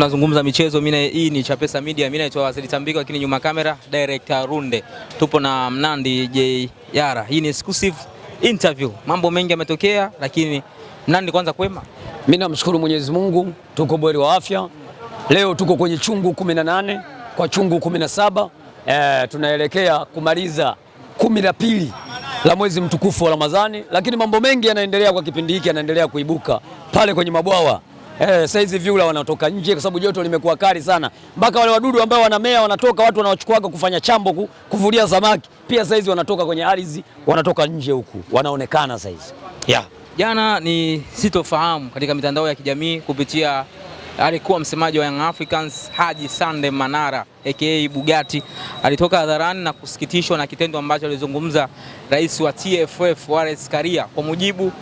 tunazungumza michezo. Mimi hii ni Chapesa Media, mimi naitwa Waziri Tambiko, lakini nyuma kamera director Runde. Tupo na Mnandi J Yara, hii ni exclusive interview. Mambo mengi yametokea, lakini Mnandi, kwanza kwema? Mimi namshukuru Mwenyezi Mungu, tuko bweri wa afya. Leo tuko kwenye chungu 18 kwa chungu 17 e, eh, tunaelekea kumaliza kumi la pili la mwezi mtukufu wa Ramadhani, lakini mambo mengi yanaendelea kwa kipindi hiki, yanaendelea kuibuka pale kwenye mabwawa Eh, saizi vyura wanatoka nje kwa sababu joto limekuwa kali sana, mpaka wale wadudu ambao wanamea wanatoka, watu wanaochukuaga kufanya chambo kuvulia samaki pia saizi wanatoka kwenye ardhi, wanatoka nje huku wanaonekana saizi yeah. Jana ni sitofahamu katika mitandao ya kijamii kupitia alikuwa msemaji wa Young Africans Haji Sande Manara aka Bugatti alitoka hadharani na kusikitishwa na kitendo ambacho alizungumza rais wa TFF Wallace Karia. Kwa mujibu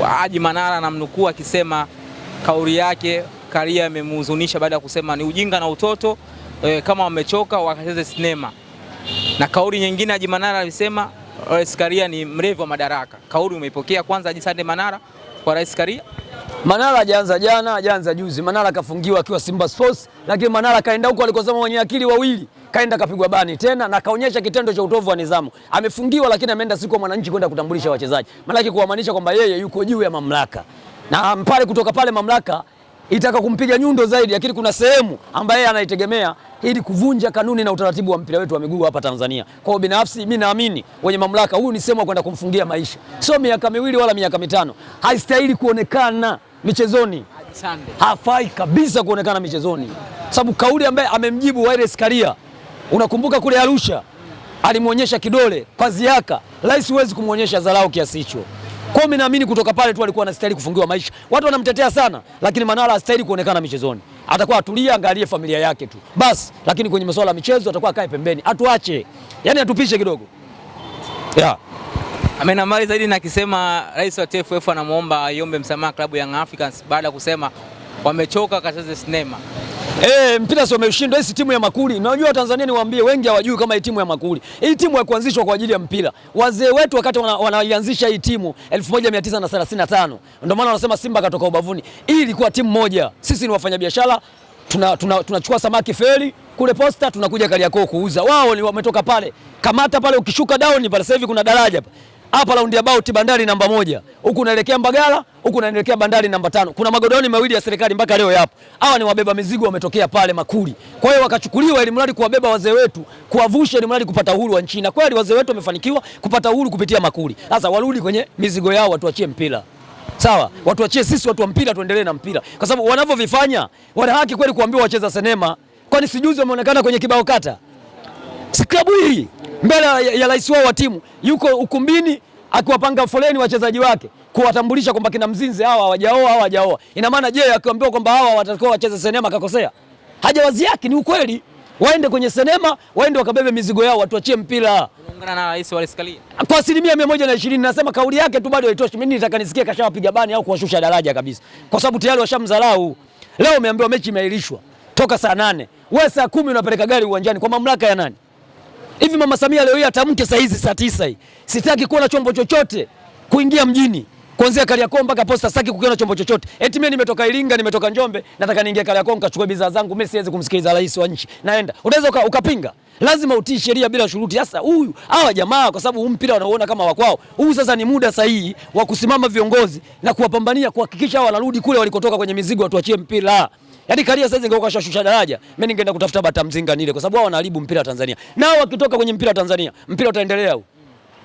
wa Haji Manara, namnukuu akisema kauli yake Karia imemhuzunisha baada ya kusema ni ujinga na utoto e, kama wamechoka wakacheze sinema. Na kauli nyingine Haji Manara alisema Rais Karia ni mrevu wa madaraka. Kauli umeipokea kwanza, Haji Sande Manara kwa Rais Karia? Manara hajaanza jana, hajaanza juzi. Manara kafungiwa akiwa Simba Sports, lakini Manara kaenda huko alikosema wenye akili wawili kaenda kapigwa bani tena na kaonyesha kitendo cha utovu wa nidhamu. Amefungiwa lakini ameenda siku ya mwananchi kwenda kutambulisha wachezaji, maanake kuwamaanisha kwamba yeye yuko juu ya mamlaka na mpale kutoka pale mamlaka itaka kumpiga nyundo zaidi, lakini kuna sehemu ambaye yeye anaitegemea ili kuvunja kanuni na utaratibu wa mpira wetu wa miguu hapa Tanzania. Kwa hiyo binafsi mimi naamini wenye mamlaka, huyu ni sehemu kwenda kumfungia maisha, sio miaka miwili wala miaka mitano. Haistahili kuonekana michezoni, hafai kabisa kuonekana michezoni, sababu kauli ambaye amemjibu Wallace Karia, unakumbuka kule Arusha alimwonyesha kidole Ziaka. rais huwezi kumwonyesha dharau kiasi hicho. Kwa hiyo mimi naamini kutoka pale tu alikuwa anastahili kufungiwa maisha. Watu wanamtetea sana, lakini Manara astahili kuonekana michezoni. Atakuwa atulie, angalie familia yake tu basi, lakini kwenye masuala ya michezo atakuwa akae pembeni, atuache, yaani atupishe kidogo yeah. Amena mali zaidi na akisema rais wa TFF anamwomba aiombe msamaha klabu ya Young Africans baada ya kusema wamechoka kacheze sinema. Eh, mpira sio umeshindwa hii timu ya Makuli. Najua Tanzania niwaambie wengi hawajui kama hii timu ya Makuli. Hii timu haikuanzishwa kwa ajili ya mpira. Wazee wetu wakati wanaianzisha hii timu 1935. Ndio maana wanasema Simba katoka ubavuni. Hii ilikuwa timu moja. Sisi ni wafanyabiashara. Tuna, tuna, tunachukua samaki feri kule posta tunakuja Kariakoo kuuza. Wao wametoka pale. Kamata pale ukishuka down pale sasa hivi kuna daraja hapa round about bandari namba moja, huku unaelekea Mbagala, huku unaelekea bandari namba tano. Kuna magodoni mawili ya serikali mpaka leo yapo. Hawa ni wabeba mizigo wametokea pale Makuli, kwa hiyo wakachukuliwa ili mradi kuwabeba wazee wetu, kuwavusha ili mradi kupata uhuru wa nchi, na kweli wazee wetu wamefanikiwa kupata uhuru kupitia Makuli. Sasa warudi kwenye mizigo yao, watuachie mpira Sawa, watuachie sisi watu wa mpira tuendelee na mpira, kwa sababu wanavyovifanya wana haki kweli kuambiwa wacheza sinema. Kwani sijuzi wameonekana kwenye kibao kata hii mbele ya rais wao wa timu yuko ukumbini akiwapanga foleni wachezaji wake kuwatambulisha kwamba kina Mzinze hawa hawajaoa hawa hawajaoa. Ina maana je, akiambiwa kwamba hawa watakuwa wacheze sinema akakosea? wazi yake ni ukweli. Waende kwenye sinema, waende wakabebe mizigo yao, watuachie mpira. Unaungana na rais wa Kalia kwa asilimia mia moja na ishirini. Nasema kauli yake tu bado haitoshi. Mimi nitaka nisikie kashawapiga bani au kuwashusha daraja kabisa, kwa sababu tayari washamdharau. Leo umeambiwa mechi imeahirishwa toka saa nane, wewe saa kumi unapeleka gari uwanjani kwa mamlaka ya nani? hivi Mama Samia leo hii atamke saa hizi saa tisa hii, sitaki kuona chombo chochote kuingia mjini kuanzia Kariakoo mpaka posta, sitaki kukiona chombo chochote. Eti mimi nimetoka Iringa, nimetoka Njombe, nataka niingie Kariakoo nikachukue bidhaa zangu. Mimi siwezi kumsikiliza rais wa nchi, naenda. Unaweza uka, ukapinga, lazima utii sheria bila shuruti. Sasa huyu hawa jamaa, kwa sababu huu mpira wanaoona kama wakwao, huu sasa ni muda sahihi wa kusimama viongozi na kuwapambania, kuhakikisha hawa wanarudi kule walikotoka kwenye mizigo, watuachie mpira. Yaani Karia sasa ingekuwa kashusha daraja, mimi ningeenda kutafuta bata mzinga nile kwa sababu wao wanaharibu mpira wa Tanzania. Nao wakitoka kwenye mpira wa Tanzania, mpira utaendelea huu.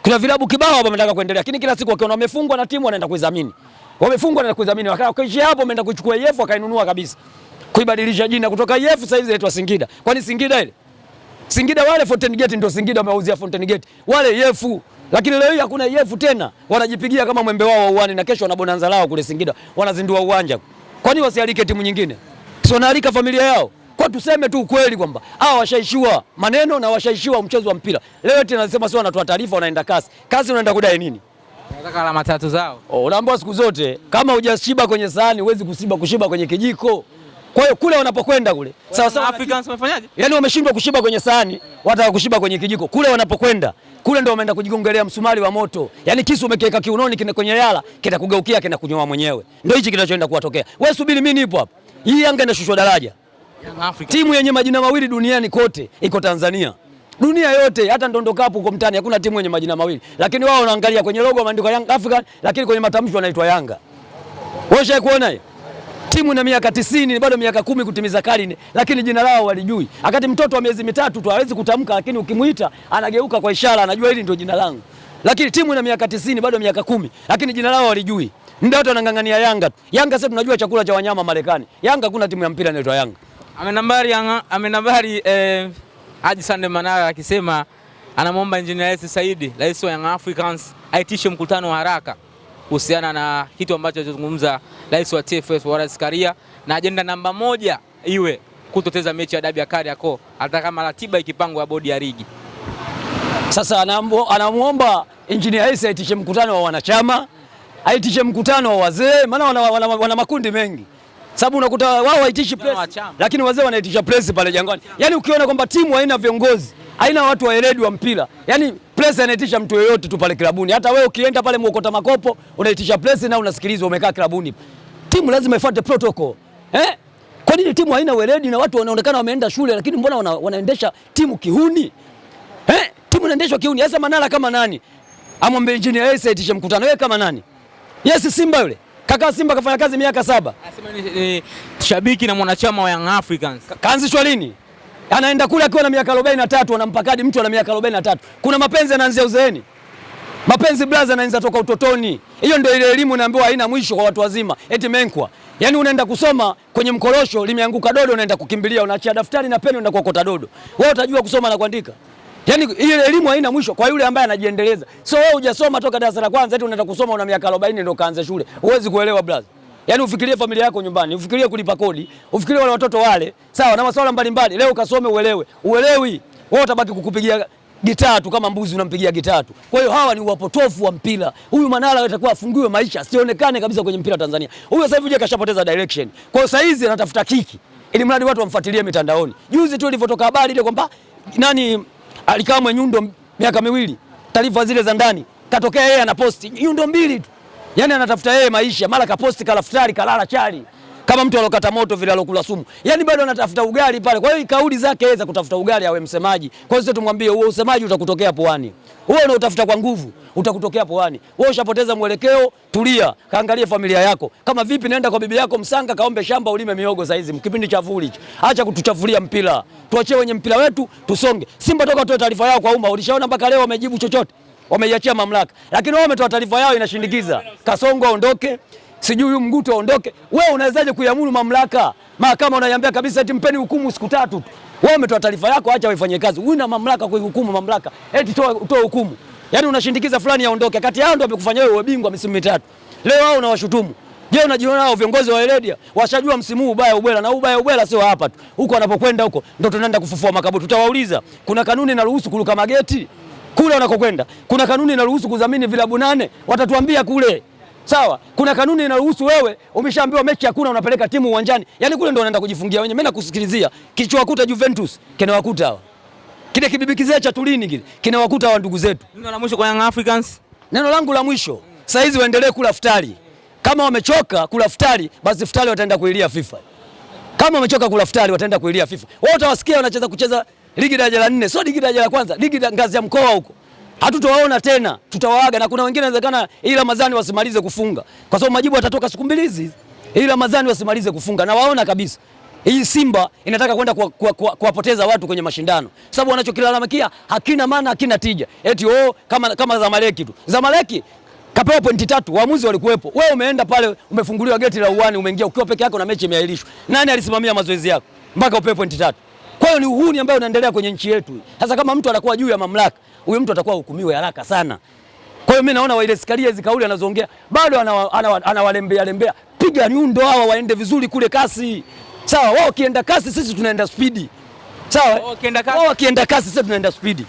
Kuna vilabu kibao hapa wanataka kuendelea. Lakini kila siku wakiona wamefungwa na timu wanaenda kuidhamini. Wamefungwa na kuidhamini. wakaa Wakaishia hapo wameenda kuchukua EF wakainunua kabisa. Kuibadilisha jina kutoka EF sasa hivi inaitwa Singida. Kwani Singida ile? Singida wale Fountain Gate ndio Singida wameuzia Fountain Gate. Wale EF lakini leo hii hakuna EF tena. Wanajipigia kama mwembe wao wa uani na kesho wana bonanza lao kule Singida. Wanazindua uwanja. Kwani wasialike timu nyingine? si wanaalika familia yao. Kwa tuseme tu ukweli kwamba hawa washaishiwa maneno na washaishiwa mchezo wa mpira. Leo tena nasema sio, wanatoa taarifa, wanaenda kasi kasi, unaenda kudai nini? Unataka alama tatu zao. Oh, unaambiwa siku zote kama hujashiba kwenye sahani huwezi kusiba kushiba kwenye kijiko. Kwa hiyo kule wanapokwenda kule sawa sawa, Africans wamefanyaje? Yaani wameshindwa kushiba kwenye sahani, wataka kushiba kwenye kijiko. Kule wanapokwenda kule ndio wameenda kujigongelea msumari wa moto. Yaani kisu umekiweka kiunoni, kina kwenye yala, kitakugeukia, kinakunyoa mwenyewe. Ndio hichi kinachoenda kuwatokea. Wewe subiri, mimi nipo hapa. Hii Yanga inashushwa daraja. Timu yenye majina mawili duniani kote iko Tanzania. Dunia yote hata ndondokapo huko mtaani hakuna timu yenye majina mawili. Lakini wao wanaangalia kwenye logo wameandika Young African, lakini kwenye matamshi wanaitwa Yanga. Wewe kuona hiyo? Timu na miaka 90 bado miaka kumi kutimiza karne, lakini jina lao walijui. Akati mtoto wa miezi mitatu tu hawezi kutamka, lakini ukimuita anageuka kwa ishara, anajua hili ndio jina langu. Lakini timu na miaka 90 bado miaka kumi, lakini jina lao walijui. Muda wote wanang'ang'ania Yanga tu. Yanga sasa tunajua chakula cha wanyama Marekani. Yanga kuna timu ya mpira inaitwa Yanga. Amenambari Yanga, amenambari eh, Haji Sande Manara akisema anamwomba Engineer Rais Saidi, Rais wa Young Africans aitishe mkutano wa haraka kuhusiana na kitu ambacho alizungumza Rais wa TFF Wallace Karia na ajenda namba moja iwe kutoteza mechi ya dabi ya Kariakoo hata kama ratiba ikipangwa ya bodi ya ligi. Sasa anamwomba Engineer Rais aitishe mkutano wa wanachama aitishe mkutano wa wazee, maana wana, wana, wana makundi mengi sababu unakuta wao haitishi press lakini wazee wanaitisha press pale Jangwani. Yaani ukiona kwamba timu haina viongozi, haina watu waeledi wa mpira, yaani press anaitisha mtu yeyote tu pale klabuni. Hata wewe ukienda pale mwokota makopo unaitisha press na unasikilizwa, umekaa klabuni. Timu lazima ifuate protocol eh? Kwa nini timu haina weledi na watu wanaonekana wameenda shule, lakini mbona wana, wanaendesha timu kihuni eh? Timu inaendeshwa kihuni. Sasa Manara kama nani amwambie engineer aitishe mkutano, yeye kama nani? Yes, Simba yule kaka Simba kafanya kazi miaka saba. Anasema ni ni shabiki na mwanachama wa Young Africans. Kaanzishwa lini? Anaenda kule akiwa na miaka 43, anampakadi mtu ana miaka 43. Kuna mapenzi yanaanzia uzeeni, mapenzi blaza yanaanza toka utotoni. Hiyo ndio ile elimu inaambiwa haina mwisho kwa watu wazima, eti menkwa. Yaani unaenda kusoma kwenye mkorosho, limeanguka dodo, unaenda kukimbilia, unaachia daftari na peni, unaenda kuokota dodo. Wewe utajua kusoma na kuandika? Yaani hiyo elimu haina mwisho kwa yule ambaye anajiendeleza. So wewe hujasoma toka darasa la kwanza eti unataka kusoma una miaka 40 ndio kaanza shule. Huwezi kuelewa brother. Yaani ufikirie familia yako nyumbani, ufikirie kulipa kodi, ufikirie wale watoto wale, sawa na masuala mbalimbali. Leo ukasome uelewe. Uelewi, wewe utabaki kukupigia gitaa tu kama mbuzi unampigia gitaa tu. Kwa hiyo hawa ni wapotofu wa mpira. Huyu Manara atakuwa afungiwe maisha, sionekane kabisa kwenye mpira Tanzania. Huyu sasa hivi je kashapoteza direction. Kwa hiyo sasa hizi anatafuta kiki ili mradi watu wamfuatilie mitandaoni. Juzi tu ilivyotoka habari ile kwamba nani alikaa mwenye nyundo miaka miwili, taarifa zile za ndani katokea yeye anaposti nyundo mbili tu, yani anatafuta yeye maisha, mara kaposti kalafutari kalala chali kama mtu alokata moto vile alokula sumu, yani bado anatafuta ugali pale. Kwa hiyo kauli zake yeye za kutafuta ugali awe msemaji. Kwa hiyo sisi tumwambie huo usemaji utakutokea puani, huo unaotafuta kwa nguvu utakutokea poani. Wewe ushapoteza mwelekeo, tulia, kaangalie familia yako. Kama vipi, naenda kwa bibi yako Msanga, kaombe shamba ulime miogo saa hizi kipindi cha vuli Acha kutuchafulia mpira, tuachie wenye mpira wetu tusonge. Simba toka toa taarifa yao kwa umma, ulishaona mpaka leo wamejibu chochote? Wameiachia mamlaka, lakini wao wametoa taarifa yao inashindikiza Kasongo aondoke sijui huyu mguto aondoke. Wewe unawezaje kuiamuru mamlaka? Mahakama unaiambia kabisa eti mpeni hukumu siku tatu. Wewe umetoa taarifa yako, acha waifanye kazi. Una mamlaka kuihukumu mamlaka, eti toa hukumu. Yaani unashindikiza fulani aondoke. ya Kati yao ndio amekufanya wewe bingwa misimu mitatu. Leo wao unawashutumu. Je, unajiona hao viongozi wa Heredia washajua msimu huu ubaya ubwela na ubaya ubwela sio hapa tu. Huko wanapokwenda huko ndio tunaenda kufufua makaburi. Tutawauliza, kuna kanuni inaruhusu kuruka mageti? Kule wanakokwenda. Kuna kanuni inaruhusu kudhamini vilabu nane? Watatuambia kule. Sawa, kuna kanuni inaruhusu wewe, umeshaambiwa mechi hakuna, unapeleka timu uwanjani. Yaani kule ndio unaenda kujifungia wenyewe. Mimi nakusikilizia. Kichwa kuta Juventus kinawakuta hawa. Kile kibibi kizee cha tulini kile kinawakuta wa ndugu zetu. Neno la mwisho kwa Young Africans, neno langu la mwisho saa hizi waendelee kula futari. Kama wamechoka kula futari, basi futari wataenda kuilia FIFA. Kama wamechoka kula futari, wataenda kuilia FIFA. Wao utawasikia wanacheza kucheza ligi daraja la nne, sio ligi daraja la kwanza, ligi ngazi ya mkoa huko hatutowaona tena, tutawaaga. Na kuna wengine inawezekana ili Ramadhani wasimalize kufunga, kwa sababu majibu yatatoka siku mbili hizi, ili Ramadhani wasimalize kufunga, na waona kabisa. Hii Simba inataka kwenda kuwapoteza watu kwenye mashindano, sababu wanachokilalamikia hakina maana, hakina tija. Eti oh, kama, kama Zamaleki tu. Zamaleki kapewa pointi tatu, waamuzi walikuwepo. Wewe umeenda pale umefunguliwa geti la uwani, umeingia ukiwa peke yako na mechi imeahirishwa. Nani alisimamia mazoezi yako mpaka upewe pointi tatu? Kwa hiyo ni uhuni ambao unaendelea kwenye nchi yetu. Sasa kama mtu anakuwa juu ya mamlaka, huyo mtu atakuwa hukumiwe haraka sana. Kwa hiyo mimi naona wale wailesikalia hizi kauli anazoongea bado anawalembea lembea, piga nyundo hawa waende vizuri kule kasi sawa. Wao wakienda kasi, sisi tunaenda spidi, sawa. Wao wakienda kasi, sisi tunaenda spidi,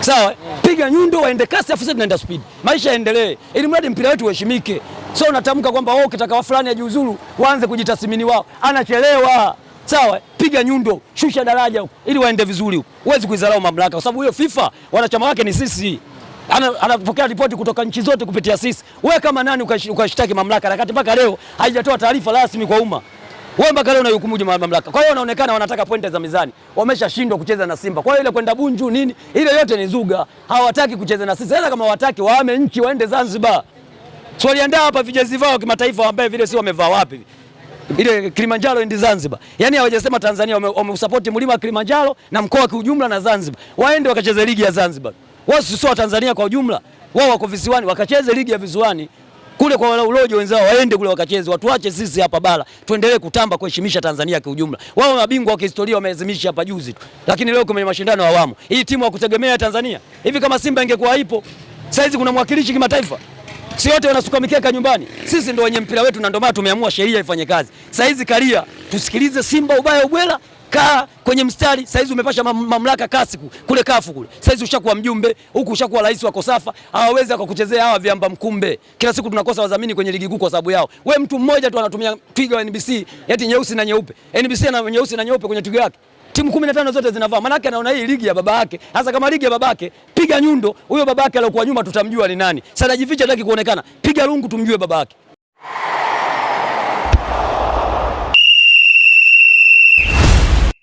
sawa. Piga nyundo, waende kasi, afu sisi tunaenda spidi. Maisha yaendelee, ili mradi mpira wetu uheshimike. Sio unatamka kwamba wao ukitaka wa fulani ajiuzuru, waanze kujitathmini wao, anachelewa Sawa, piga nyundo, shusha daraja huko ili waende vizuri huko. Huwezi kuidharau mamlaka kwa sababu hiyo FIFA wanachama wake ni sisi. Ana, anapokea ripoti kutoka nchi zote kupitia sisi. Wewe kama nani ukashtaki mamlaka wakati mpaka leo haijatoa taarifa rasmi kwa umma? Wewe mpaka leo unahukumu mamlaka. Kwa hiyo wanaonekana wanataka pointa za mizani. Wameshashindwa kucheza na Simba. Kwa hiyo ile kwenda Bunju nini? Ile yote ni zuga. Hawataki kucheza na sisi. Sasa kama wataki waame nchi waende Zanzibar. So waliandaa hapa vijezi vao kimataifa ambaye vile si wamevaa wapi? Ile Kilimanjaro and Zanzibar. Yaani hawajasema Tanzania wamesupport wame mlima wa Kilimanjaro na mkoa wa ujumla na Zanzibar. Waende wakacheze ligi ya Zanzibar. Wao sio Tanzania kwa ujumla. Wao wako visiwani wakacheze ligi ya visiwani kule kwa walaulojo wenzao waende kule wakacheze, watuache sisi hapa bara tuendelee kutamba kuheshimisha Tanzania kiujumla. Wao mabingwa wa kihistoria wameadhimisha hapa juzi tu, lakini leo kwenye mashindano ya awamu hii timu ya kutegemea Tanzania hivi, kama Simba ingekuwa ipo saizi, kuna mwakilishi kimataifa si wote wanasuka mikeka nyumbani. Sisi ndo wenye mpira wetu, na ndio maana tumeamua sheria ifanye kazi. Saizi karia, tusikilize Simba ubaya ubwela kaa kwenye mstari saizi, umepasha mamlaka kasi kule kafu kule, saizi ushakuwa mjumbe huku, ushakuwa rais wa Kosafa. Hawawezi akakuchezea hawa viamba mkumbe. Kila siku tunakosa wadhamini kwenye ligi kuu kwa sababu yao. We mtu mmoja tu anatumia twiga wa NBC eti nyeusi na nyeupe, NBC ana nyeusi na nyeupe kwenye twiga yake timu kumi na tano zote zinavaa, manake anaona hii ligi ya baba yake. Sasa kama ligi ya baba yake, piga nyundo huyo baba yake aliyokuwa nyuma, tutamjua ni nani. Sasa najificha, hataki kuonekana, piga rungu tumjue baba yake.